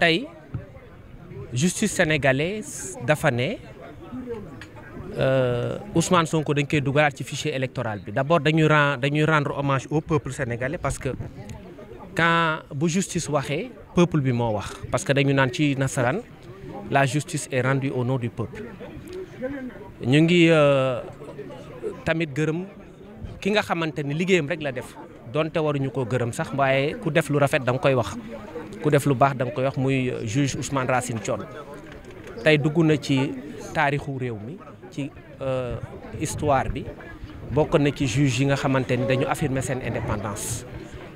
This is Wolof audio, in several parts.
tey justice sénégalaise dafa ne euh, Ousmane Sonko dañ koy dugalaat ci fichier électoral bi d'abord dañuy rend dañuy rendre hommage au peuple sénégalais parce que quand bu justice waxee peuple bi moo wax parce que dañu naan ci nasaraan la justice est rendue au nom du peuple ñu ngi euh, tamit gërëm. ki nga xamante ni liggéeyam rek la def donte waruñu koo gërëm sax waaye ku def lu rafet da nga koy wax ku def lu baax da nga koy wax muy euh, juge Ousmane Racine Thion tey dugg na ci taarixu réew mi ci euh, histoire bi bokk na ci juge yi nga xamante ni dañu affirmer seen indépendance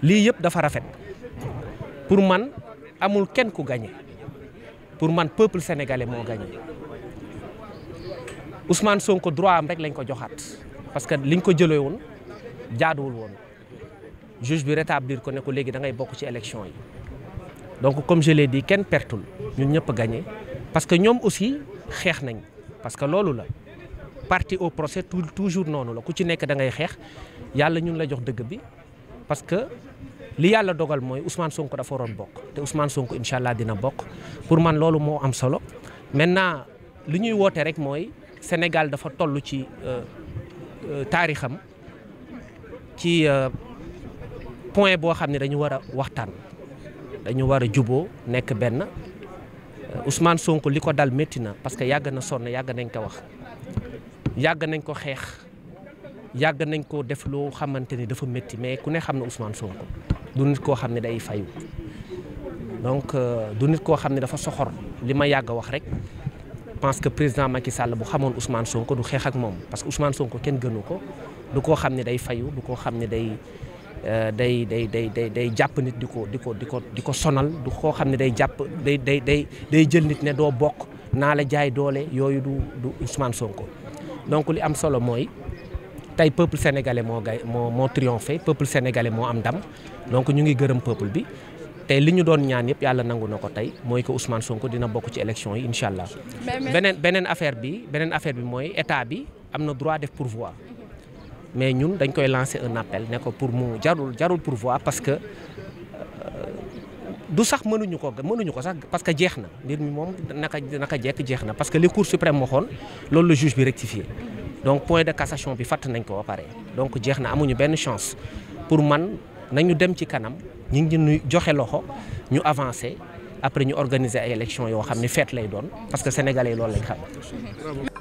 lii yëpp dafa rafet pour man amul kenn ku gagné pour man peuple sénégalais moo gagné Ousmane ko droit am rek lañ ko joxaat parce que liñ ko jëlee jaaduwul woon juge bi rétablir ko ne ko léegi da ngay bokk ci élection yi donc comme je di kenn pertul ñun ñëpp gagné parce que ñoom aussi xeex nañ parce que loolu la parti au procès toujours noonu la ku ci nekk da ngay xeex yàlla ñun la jox dëgg bi parce que li yàlla dogal mooy Ousmane Sonko dafa waroon bokk te Ousmane Sonko incha allah dina bokk pour man loolu moo am solo maintenant li ñuy woote rek mooy Sénégal dafa toll ci euh, euh, taarixam ci euh, point boo xam ne dañu war a waxtaan dañu war a juboo nekk benn euh, Ousmane Sonko li ko dal métti na parce que yàgg na sonn yàgg nañ ko wax yàgg nañ ko xeex yàgg nañ ko def loo xamante ni dafa métti mais ku ne xam ne Ousmane Sonko du nit koo xam ne day fayu donc euh, du nit koo xam ne dafa soxor li ma yàgg wax rek pense que président Macky Sall bu xamoon Ousmane Sonko du xeex ak moom parce que Ousmane Sonko kenn gënu ko du koo xam ne day fayu du koo xam ne day euh, day day day day day jàpp nit di ko di ko di ko di ko sonal du koo xam ne day jàpp day day day day jël nit ne doo bokk naa la jaay doole yooyu du du Ousmane Sonko donc li am solo mooy tey peuple sénégalais moo gay moo moo triomphé peuple sénégalais moo am dam donc ñu ngi gërëm peuple bi tey li ñu doon ñaan yëpp yàlla nangu na ko tey mooy que Ousmane Sonko dina bokk ci élection yi incha allah. beneen beneen affaire bi beneen affaire bi mooy état bi am na droit def pourvoi. mais ñun dañ koy lancer un appel ne ko pour mu jarul jarul pourvoi parce que euh, du sax mënuñu ko mënuñu ko sax parce que jeex na mbir mi moom naka naka jekk jeex na parce que li cour suprême waxoon loolu la juge bi rectifié donc point de cassation bi fàtt nañ ko ba pare donc jeex na amuñu benn chance pour man nañu dem ci kanam ñu ngi ñu joxe loxo ñu avancé après ñu organiser ay élections yoo xam ne fête lay doon parce que sénégalais loolu lañ xam.